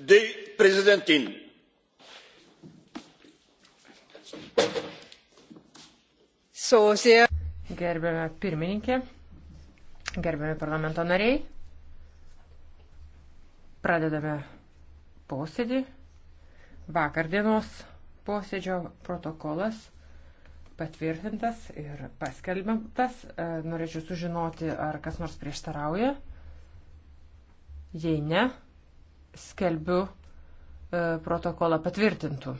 de präsidentin! gerbiama pirmininke gerbiami parlamento nariai pradedame posėdį vakar dienos posėdžio protokolas patvirtintas ir paskelbintas e, norėčiau sužinoti ar kas nors prieštarauja jei ne skelbiu e, protokolą patvirtintų.